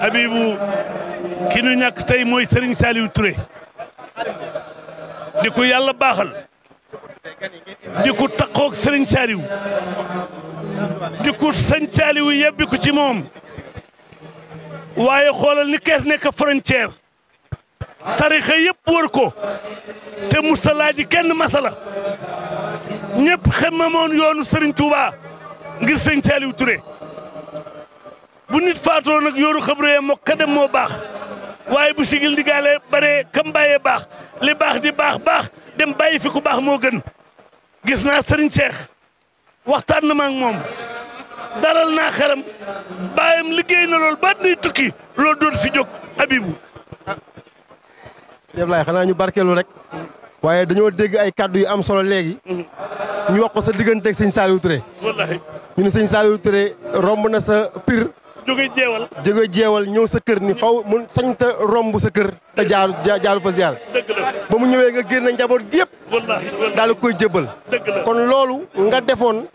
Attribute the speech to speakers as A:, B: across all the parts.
A: Habibou ki nu ñàkk tey mooy Serigne Saliou Touré di ko yàlla baaxal di ko takkoog Serigne Saliou di ko Serigne ci moom waaye xoolal ni kees nekk frontière tarixa yëpp wër ko te musalaaji kenn masala ñëpp xemamoon yoonu Serigne Touba. ngir sëñ Saliou bu nit faatoo nag yooru xabree moo kadem moo baax waaye bu sigil ndigaale bare kam bàyyee baax li baax di baax baax dem bàyyi fi ku baax moo gën gis naa sëriñ Cheikh waxtaan na ma moom daral naa xelam bàyyam liggéey na loolu ba nuy tukki loolu doon fi jóg Abibu Ablaye
B: xanaa ñu barkeelu rek waaye dañoo dégg ay kàddu yu am solo léegi mm-hmm. ñu wax ko sa digganteeg sëñ Saliou Touré. wallaahi ñu ne sëñ Saliou Touré romb na sa pir. jóge jeewal jóge jeewal ñëw sa kër ni faw mun sañ ta romb sa kër. te jaaru jaaru fa ziar. dëgg la ba mu ñëwee nga génn njaboot gi yëpp. wallaahi daal koy jëbal kon loolu nga defoon.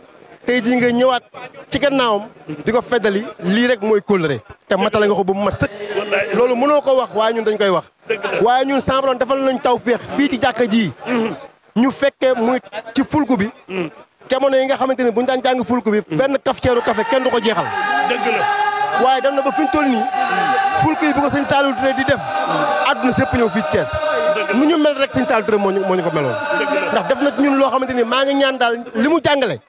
B: tey jii ngay ñëwaat ci gannaawam di ko feddali lii rek mooy kóllëre te matale nga ko ba mu mat sëkk loolu mënoo ko wax waaye ñun dañ koy wax waaye ñun sembron defal nañ taw féex fii ci jàkka ji mhm. ñu fekkee muy ci fulku bi. jamono yi nga xamante ni bu ñu daan jàng fulku bi. benn cafetière café kenn du ko jeexal.
A: dëgg la
B: waaye dem na ba fi ñu toll nii. fulku yi bu ko sëñ Saliou Touré di def. àdduna sépp ñëw fii Thiès. nu ñu mel rek sëñ Saliou Touré moo ñu moo ñu ko meloon. ndax def na ñun loo xamante ni maa ngi ñaan daal li mu
A: jàngale.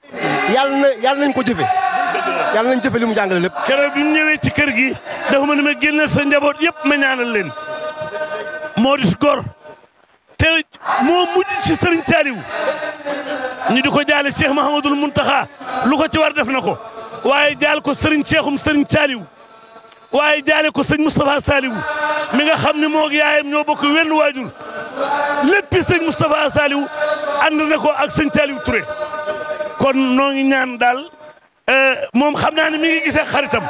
A: yàlla na yàlla nañ ko jëfee. yàlla nañ jëfe li mu jàngale lépp. keroog bi mu ñëwee ci kër gi dafa ma ne ma génneel sa njaboot yëpp ma ñaanal leen di góor te moo mujj ci sëriñ Saaliw ñu di ko jaale Cheikh Mahamadul Muntaxa lu ko ci war def na ko waaye jaal ko sëriñ Cheikhum sëriñ Saaliw waaye jaale ko sëñ Moustapha Saliou mi nga xam ne moo ak yaayam ñoo bokk wenn waajur léppi sëñ Moustapha Saliou ànd na ko ak sëñ Saliou Touré kon noo ngi ñaan daal euh, moom xam naa ne mi ngi gisee xaritam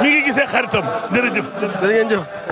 A: mi ngi gisee xaritam jërëjëf. jërëjëf.